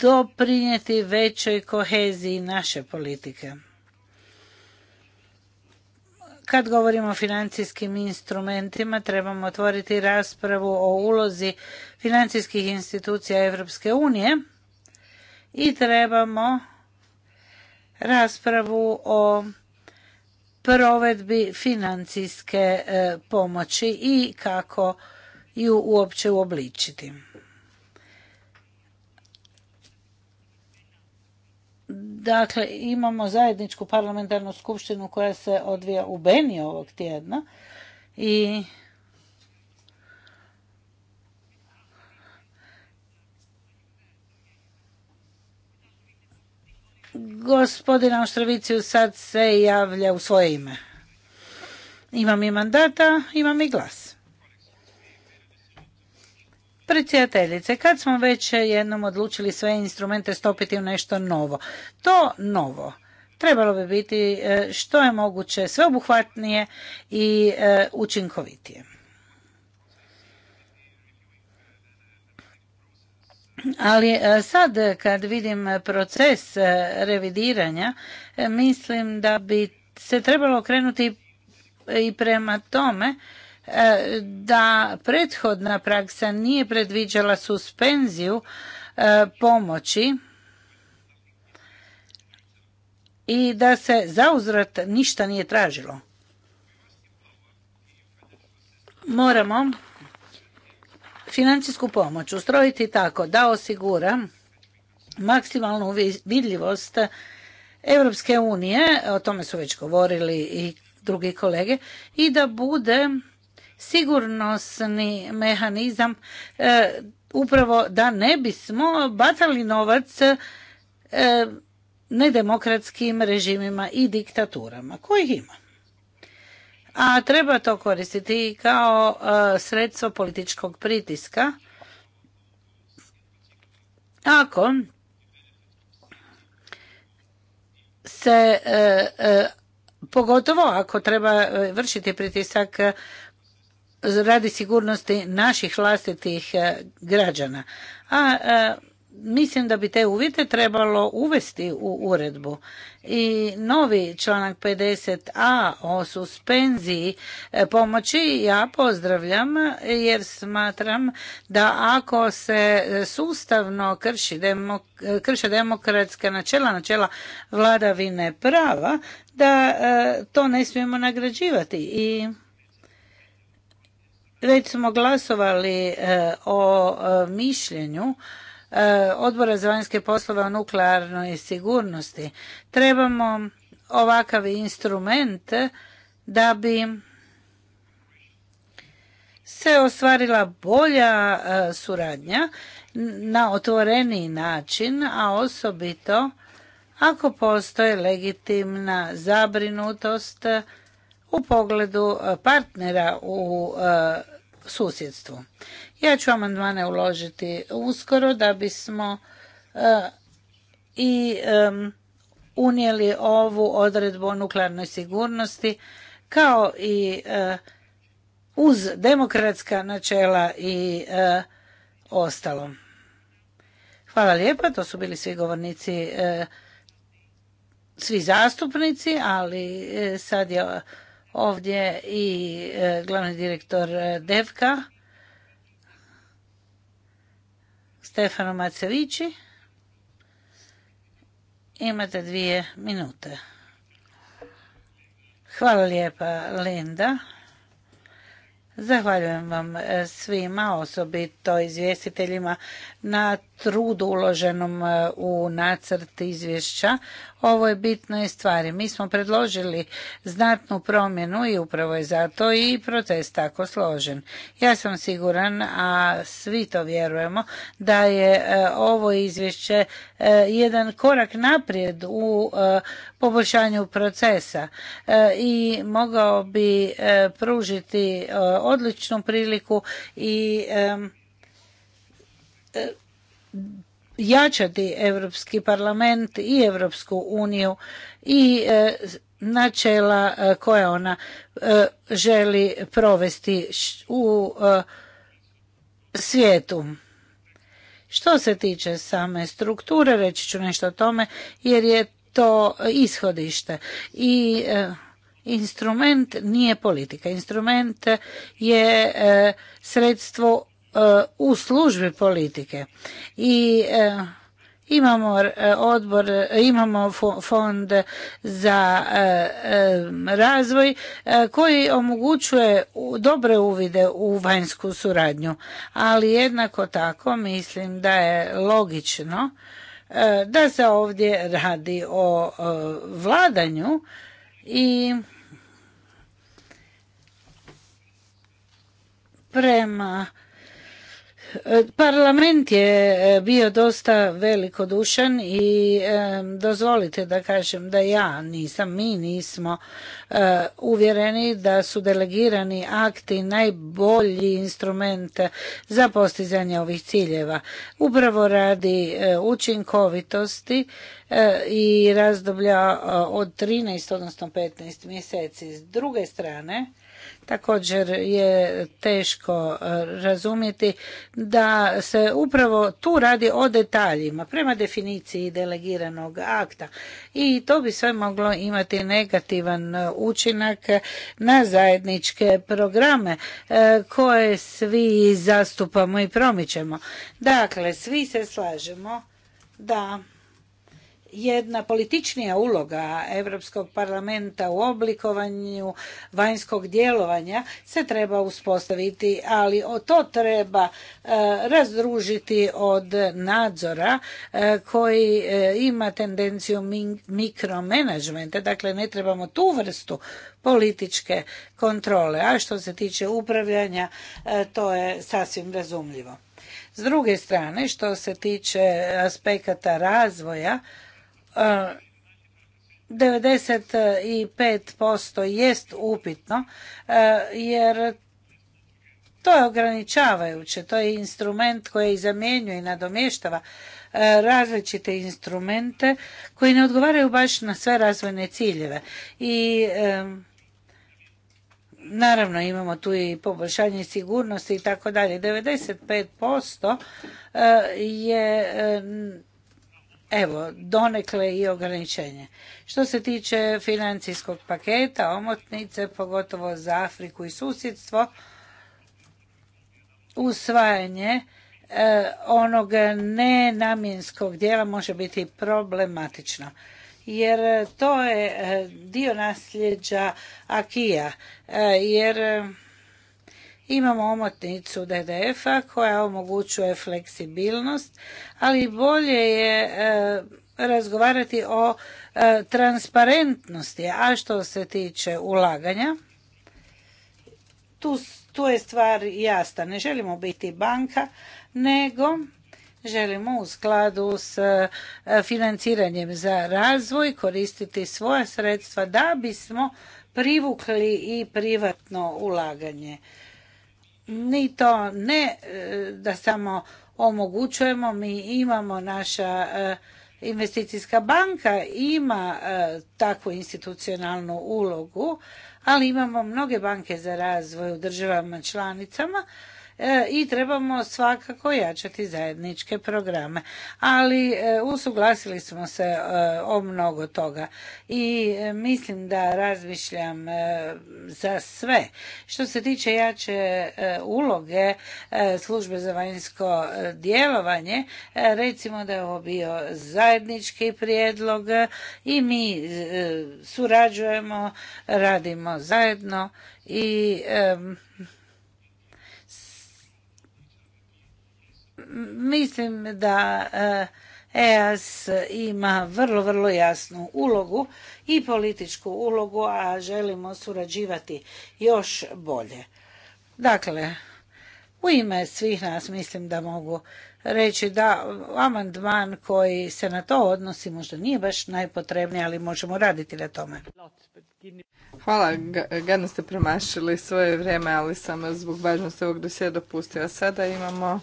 [SPEAKER 2] doprinijeti većoj koheziji naše politike. Kad govorimo o financijskim instrumentima, trebamo otvoriti raspravu o ulozi financijskih institucija Europske unije i trebamo raspravu o provedbi financijske e, pomoći i kako ju uopće uobličiti. Dakle, imamo zajedničku parlamentarnu skupštinu koja se odvija u Beni ovog tjedna i gospodina Oštroviciju sad se javlja u svoje ime. Imam i mandata, imam i glas. Predsjedateljice, kad smo već jednom odlučili sve instrumente stopiti u nešto novo, to novo trebalo bi biti e, što je moguće sveobuhvatnije i e, učinkovitije. Ali e, sad kad vidim proces revidiranja, mislim da bi se trebalo okrenuti i prema tome E, da prethodna praksa nije predviđala suspenziju e, pomoći i da se zauzrat ništa nije tražilo. Moramo financijsku pomoć ustrojiti tako da osigura maksimalnu vidljivost Evropske unije, o tome su već govorili i drugi kolege, i da bude sigurnosni mehanizam e, upravo da ne bismo bacali novac e, nedemokratskim režimima i diktaturama kojih ima. A treba to koristiti kao e, sredstvo političkog pritiska ako se pogotovo ako treba vršiti pritisak radi sigurnosti naših vlastitih e, građana. A e, mislim da bi te uvjete trebalo uvesti u uredbu. I novi članak 50a o suspenziji e, pomoći ja pozdravljam jer smatram da ako se sustavno krši krše demokratska načela, načela vladavine prava, da to ne smijemo nagrađivati i već smo glasovali e, o e, mišljenju e, Odbora za vanjske poslove o nuklearnoj sigurnosti. Trebamo ovakav instrument da bi se ostvarila bolja suradnja na otvoreniji način, a osobito ako postoje legitimna zabrinutost u pogledu e, partnera u e, susjedstvu. Ja ću amandmane uložiti uskoro da bismo e, i unijeli ovu odredbu o nuklearnoj sigurnosti kao i uz demokratska načela i ostalo. Hvala lijepa, to su bili svi govornici, svi zastupnici, ali sad je ovdje i e, glavni direktor e, Devka, Stefano Macevići. Imate dvije minute. Hvala lijepa Linda. Zahvaljujem vam e, svima, osobito izvjestiteljima, na trudu uloženom e, u nacrt izvješća ovo bitno i stvari. Mi smo predložili znatnu promjenu i upravo je zato i proces tako složen. Ja sam siguran, a svi to vjerujemo, da je e, ovo izvješće e, jedan korak naprijed u poboljšanju procesa i mogao bi pružiti odličnu priliku i jačati Europski parlament i Europsku uniju i e, načela e, koje ona e, želi provesti u svijetu. Što se tiče same strukture, reći ću nešto o tome jer je to ishodište i instrument nije politika. Instrument je sredstvo E, u službi politike. I e, imamo e, odbor, imamo fond za razvoj koji omogućuje dobre uvide u vanjsku suradnju, ali jednako tako mislim da je logično da se ovdje radi o vladanju i prema Parlament je e, bio dosta velikodušan i e, dozvolite da kažem da ja nisam, mi nismo e, uvjereni da su delegirani akti najbolji instrument za postizanje ovih ciljeva. Upravo radi učinkovitosti i razdoblja od 13, odnosno 15 mjeseci. S druge strane, također je teško e, razumjeti da se upravo tu radi o detaljima prema definiciji delegiranog akta i to bi sve moglo imati negativan e, učinak na zajedničke programe e, koje svi zastupamo i promičemo. Dakle, svi se slažemo da jedna političnija uloga Europskog parlamenta u oblikovanju vanjskog djelovanja se treba uspostaviti, ali to treba e, razdružiti od nadzora e, koji e, ima tendenciju mikromanagementa, dakle ne trebamo tu vrstu političke kontrole, a što se tiče upravljanja to je sasvim razumljivo. S druge strane, što se tiče aspekata razvoja, 95% jest upitno e, jer to je ograničavajuće, to je instrument koji zamjenjuje i nadomještava e, različite instrumente koji ne odgovaraju baš na sve razvojne ciljeve. I e, naravno imamo tu i poboljšanje sigurnosti i tako dalje. 95% je evo, donekle i ograničenje. Što se tiče financijskog paketa, omotnice, pogotovo za Afriku i susjedstvo, usvajanje e, onog nenamjenskog dijela može biti problematično. Jer to je e, dio nasljeđa Akija. E, jer Imamo omotnicu DDF-a koja omogućuje fleksibilnost, ali bolje je e, razgovarati o e, transparentnosti. A što se tiče ulaganja, tu, je stvar jasna. Ne želimo biti banka, nego želimo u skladu s e, financiranjem za razvoj koristiti svoja sredstva da bismo privukli i privatno ulaganje ni to ne e, da samo omogućujemo, mi imamo naša e, investicijska banka ima e, takvu institucionalnu ulogu, ali imamo mnoge banke za razvoj u državama članicama E, i trebamo svakako jačati zajedničke programe. Ali e, usuglasili smo se e, o mnogo toga i mislim da razmišljam za sve. Što se tiče jače uloge službe za vanjsko djelovanje, recimo da je ovo bio zajednički prijedlog i mi surađujemo, radimo zajedno i Mislim da EAS e ima vrlo, vrlo jasnu ulogu i političku ulogu, a želimo surađivati još bolje. Dakle, u ime svih nas mislim da mogu reći da amandman koji se na to odnosi možda nije baš najpotrebniji, ali možemo raditi na tome. Hvala, gadno ste promašili svoje vrijeme, ali sam zbog
[SPEAKER 3] važnosti ovog dosije dopustila. Sada imamo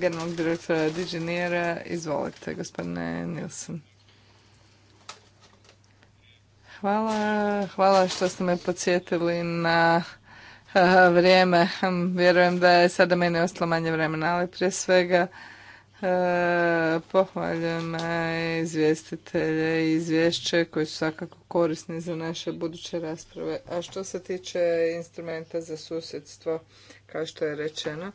[SPEAKER 3] generalnog direktora Diginera. Izvolite, gospodine Nilsson. Hvala, hvala što ste me podsjetili na vrijeme. Hm, vjerujem da je sada meni ostalo manje vremena, ali prije svega e, pohvaljujem izvjestitelje i izvješće koji su svakako korisni za naše buduće rasprave. A što se tiče instrumenta za susjedstvo, kao što je rečeno,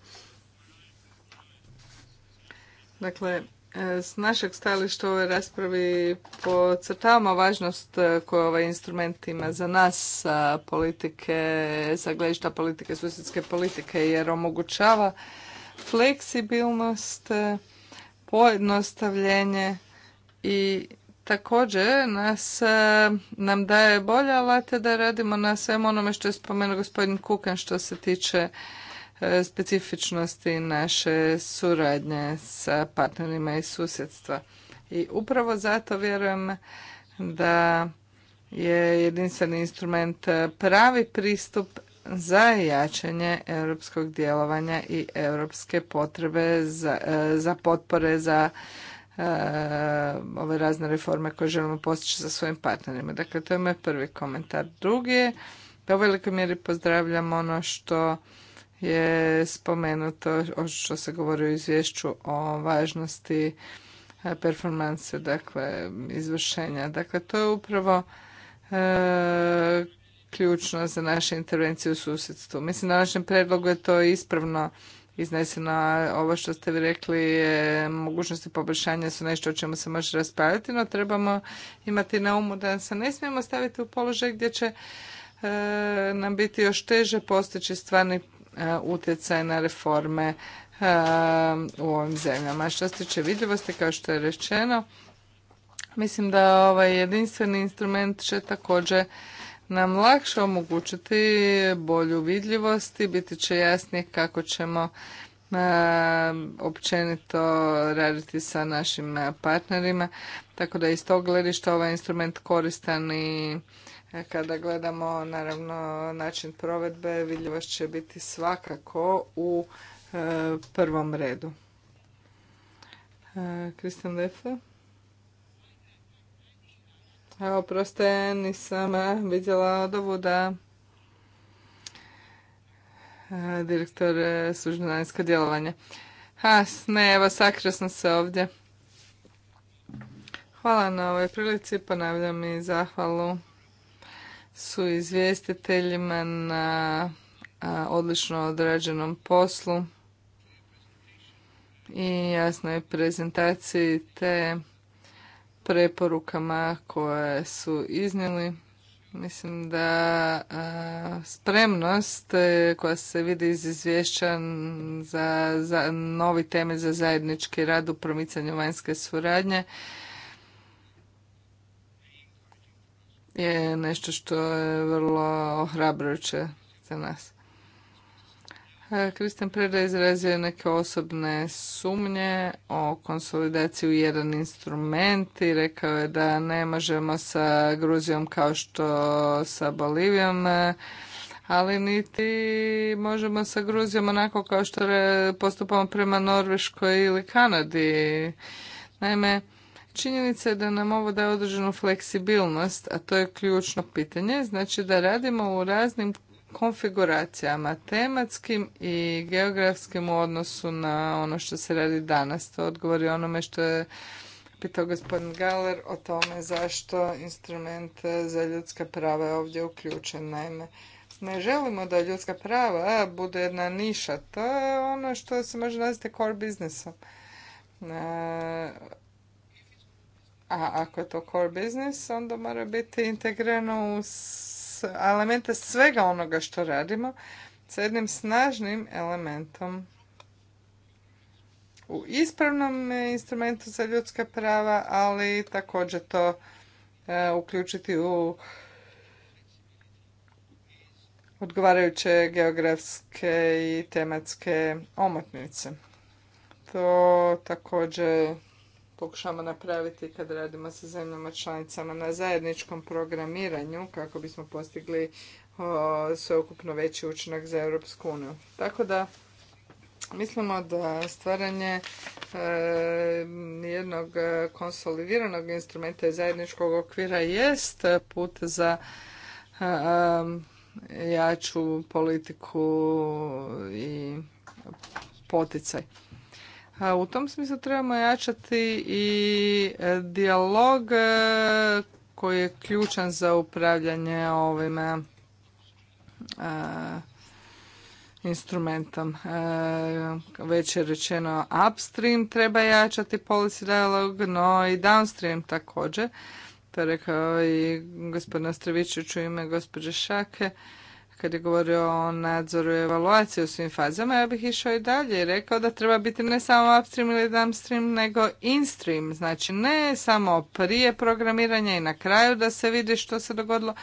[SPEAKER 3] Dakle, e, s našeg stajališta ove raspravi podcrtavamo važnost e, koju ovaj instrument ima za nas sa politike, sa gledišta politike, susjedske politike, jer omogućava fleksibilnost, e, pojednostavljenje i također nas, nam daje bolje alate da radimo na svemu onome što je spomenuo gospodin Kukan što se tiče E, specifičnosti naše suradnje sa partnerima iz susjedstva. I upravo zato vjerujem da je jedinstveni instrument pravi pristup za jačanje europskog djelovanja i europske potrebe za, e, potpore za e, ove razne reforme koje želimo postići sa svojim partnerima. Dakle, to je moj prvi komentar. Drugi je da pa u velikoj mjeri pozdravljam ono što je spomenuto što se govori u izvješću o važnosti eh, performanse, dakle izvršenja. Dakle, to je upravo e, ključno za naše intervencije u susjedstvu. Mislim, na našem predlogu je to ispravno izneseno. Ovo što ste vi rekli, je, mogućnosti poboljšanja su nešto o čemu se može raspravljati, no trebamo imati na umu da se ne smijemo staviti u položaj gdje će e, nam biti još teže postići stvarni E, utjecaj na reforme e, u ovim zemljama. Što se tiče vidljivosti, kao što je rečeno, mislim da ovaj jedinstveni instrument će također nam lakše omogućiti bolju vidljivost i biti će jasnije kako ćemo e, općenito raditi sa našim partnerima. Tako da iz tog gledišta ovaj instrument koristan i kada gledamo naravno način provedbe, vidljivost će biti svakako u e, prvom redu. Kristen e, Lefe. Evo, proste, nisam e, vidjela odovu da direktor službe djelovanja. djelovanje. Ha, ne, evo, sakrio sam se ovdje. Hvala na ovoj prilici, ponavljam i zahvalu su izvjestiteljima na odlično odrađenom poslu i jasnoj prezentaciji te preporukama koje su iznijeli. Mislim da spremnost e, koja se vidi iz izvješća za, novi temelj za zajednički rad u promicanju vanjske suradnje je nešto što je vrlo ohrabrujuće za nas. E, Kristen Preda izrazio neke osobne sumnje o konsolidaciji u jedan instrument i rekao je da ne možemo sa Gruzijom kao što sa Bolivijom, e, ali niti možemo sa Gruzijom onako kao što postupamo prema Norveškoj ili Kanadi. Naime, Činjenica je da nam ovo daje određenu fleksibilnost, a to je ključno pitanje, znači da radimo u raznim konfiguracijama, tematskim i geografskim u odnosu na ono što se radi danas. To odgovori onome što je pitao gospodin Galer o tome zašto instrument za ljudska prava je ovdje uključen. Naime, ne želimo da ljudska prava bude jedna niša. To je ono što se može nazvati core businessom. E, a ako je to core business, onda mora biti integrirano u elemente svega onoga što radimo s jednim snažnim elementom u ispravnom instrumentu za ljudska prava, ali također to e, uključiti u odgovarajuće geografske i tematske omotnice. To također pokušamo napraviti kad radimo sa zemljama članicama na zajedničkom programiranju kako bismo postigli sveukupno veći učinak za Europsku uniju. Tako da mislimo da stvaranje e, jednog konsolidiranog instrumenta i zajedničkog okvira jest put za e, e, jaču politiku i poticaj u tom smislu trebamo jačati i e, dijalog e, koji je ključan za upravljanje ovim e, instrumentom. Već je rečeno upstream treba jačati policy dialog, no i downstream također. To je rekao i gospodin Ostrevićić u ime gospođe Šake kad je govorio o nadzoru i evaluaciji u svim fazama, ja bih išao i dalje i rekao da treba biti ne samo upstream ili downstream, nego instream. Znači ne samo prije programiranja i na kraju da se vidi što se dogodilo,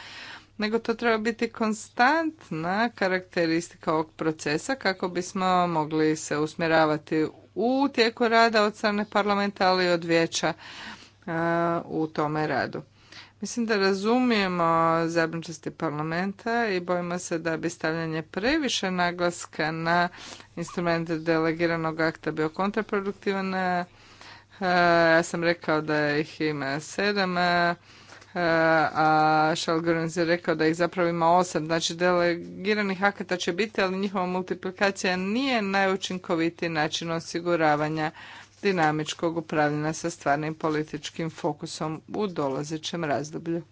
[SPEAKER 3] nego to treba biti konstantna karakteristika ovog procesa kako bismo mogli se usmjeravati u tijeku rada od strane parlamenta, ali i od vijeća e, u tome radu. Mislim da razumijemo zabrinutosti parlamenta i bojimo se da bi stavljanje previše naglaska na instrumente delegiranog akta bio kontraproduktivan. E, ja sam rekao da ih ima sedam, e, e, a Šalgorens je rekao da ih zapravo ima osam. Znači, delegiranih akata će biti, ali njihova multiplikacija nije najučinkovitiji način osiguravanja dinamičkog upravljanja sa stvarnim političkim fokusom u dolazećem razdoblju.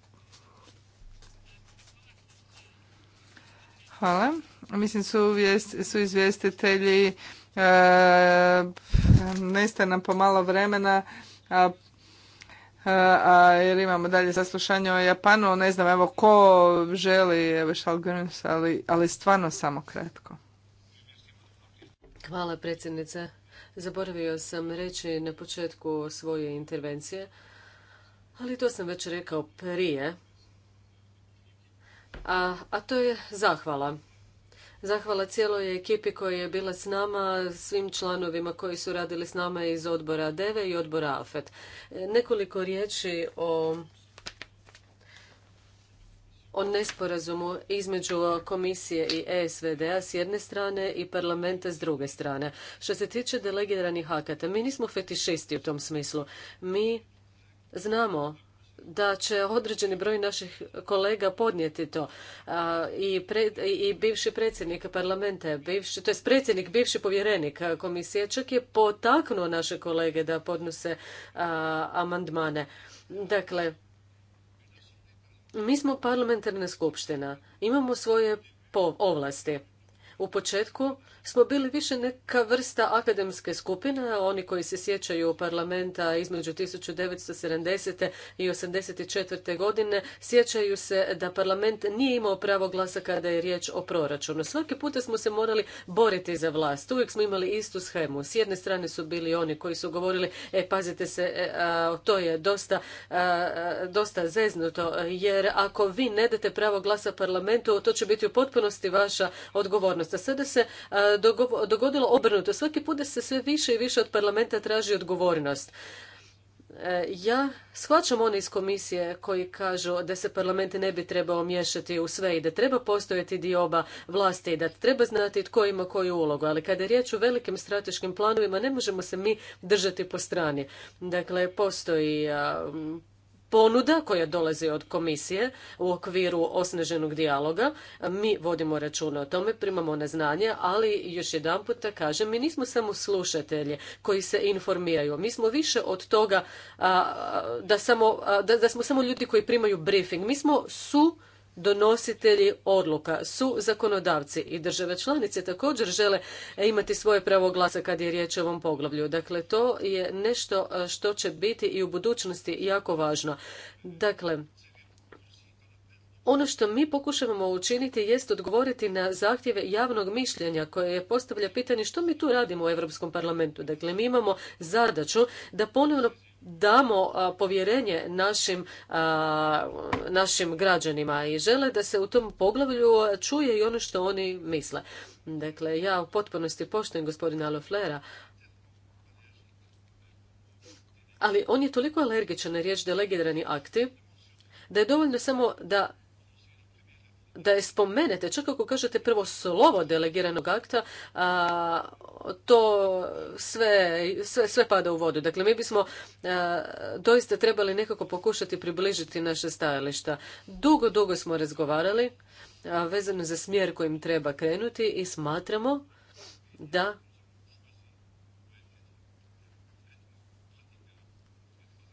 [SPEAKER 3] Hvala. Mislim su, su izvjestitelji, e, nestaje nam pomalo vremena, a, a, jer imamo dalje saslušanje o Japanu, ne znam evo ko želi, evo ali, ali stvarno samo kratko.
[SPEAKER 1] Hvala predsjednice. Zaboravio sam reći na početku svoje intervencije, ali to sam već rekao prije. A, a to je zahvala. Zahvala cijeloj ekipi koja je bila s nama, svim članovima koji su radili s nama iz odbora DEVE i odbora AFET. Nekoliko riječi o o nesporazumu između komisije i esvd s jedne strane i parlamenta s druge strane. Što se tiče delegiranih hakata, mi nismo fetišisti u tom smislu. Mi znamo da će određeni broj naših kolega podnijeti to. I, i bivši predsjednik parlamenta, bivši, to je predsjednik, bivši povjerenik komisije, čak je potaknuo naše kolege da podnose amandmane. Dakle, mi smo parlamentarna skupština, imamo svoje ovlasti. U početku smo bili više neka vrsta akademske skupine, oni koji se sjećaju parlamenta između 1970. i 1984. godine, sjećaju se da parlament nije imao pravo glasa kada je riječ o proračunu. Svaki puta smo se morali boriti za vlast. Uvijek smo imali istu schemu. S jedne strane su bili oni koji su govorili, e pazite se, e, to je dosta, dosta zeznuto, jer ako vi ne date pravo glasa parlamentu, to će biti u potpunosti vaša odgovornost. A sada se dogodilo obrnuto. Svaki puta se sve više i više od parlamenta traži odgovornost. E, ja shvaćam one iz komisije koji kažu da se parlament ne bi trebao miješati u sve i da treba postojati dioba vlasti i da treba znati tko ima koju ulogu, ali kada je riječ o velikim strateškim planovima ne možemo se mi držati po strani. Dakle, postoji ponuda koja dolazi od komisije u okviru osnaženog dijaloga. Mi vodimo računa o tome, primamo na znanje, ali još jedan puta kažem, mi nismo samo slušatelji koji se informiraju. Mi smo više od toga da, samo, da smo samo ljudi koji primaju briefing. Mi smo su donositelji odluka su zakonodavci i države članice također žele imati svoje pravo glasa kad je riječ o ovom poglavlju. Dakle, to je nešto što će biti i u budućnosti jako važno. Dakle, ono što mi pokušavamo učiniti jest odgovoriti na zahtjeve javnog mišljenja koje postavlja pitanje što mi tu radimo u Europskom parlamentu. Dakle, mi imamo zadaću da ponovno damo povjerenje našim, našim građanima i žele da se u tom poglavlju čuje i ono što oni misle. Dakle, ja u potpunosti poštujem gospodina Loflera, ali on je toliko alergičan na riječ delegirani akti, da je dovoljno samo da da je spomenete, čak ako kažete prvo slovo delegiranog akta, to sve, sve, sve pada u vodu. Dakle, mi bismo a, doista trebali nekako pokušati približiti naše stajališta. Dugo, dugo smo razgovarali vezano za smjer kojim treba krenuti i smatramo da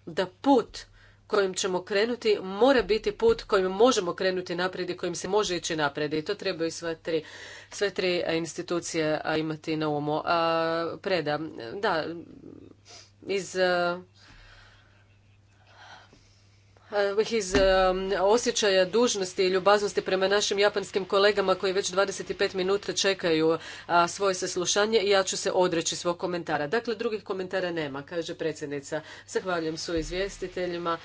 [SPEAKER 1] da put kojim ćemo krenuti mora biti put kojim možemo krenuti naprijed i kojim se može ići naprijed. I to trebaju sve tri, sve tri e, institucije imati na umu. preda, da, iz e, Eh, iz osjećaja dužnosti i ljubaznosti prema našim japanskim kolegama koji već 25 minuta čekaju svoje saslušanje i ja ću se odreći svog komentara. Dakle, drugih komentara nema, kaže predsjednica. Zahvaljujem su izvjestiteljima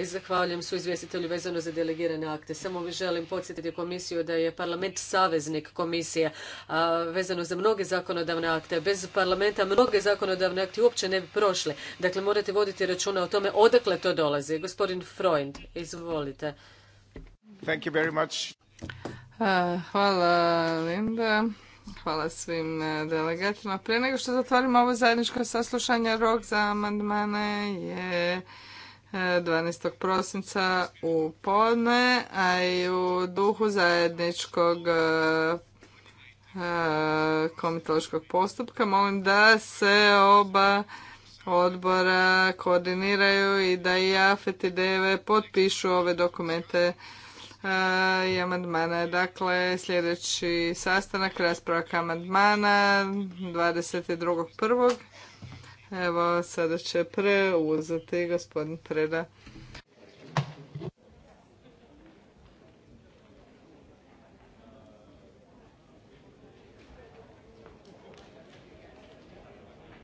[SPEAKER 1] i zahvaljujem su izvjestitelju vezano za delegirane akte. Samo želim podsjetiti komisiju da je parlament saveznik komisije vezano za mnoge zakonodavne akte. Bez parlamenta mnoge zakonodavne akte uopće ne bi prošle. Dakle, morate voditi računa o tome odakle to dolazi. Gospodin Freund. Izvolite.
[SPEAKER 2] Thank you very much.
[SPEAKER 3] Hvala Linda. Hvala svim e, delegatima. Prije nego što zatvorimo ovo zajedničko saslušanje, rok za amandmane je 12. E, prosinca u podne, a i u duhu zajedničkog e, komitološkog postupka. Molim da se oba odbora koordiniraju i da i AFET i DEVE potpišu ove dokumente e, i amandmana. Dakle, sljedeći sastanak, raspravak amandmana 22.1. Evo, sada će preuzeti gospodin Preda.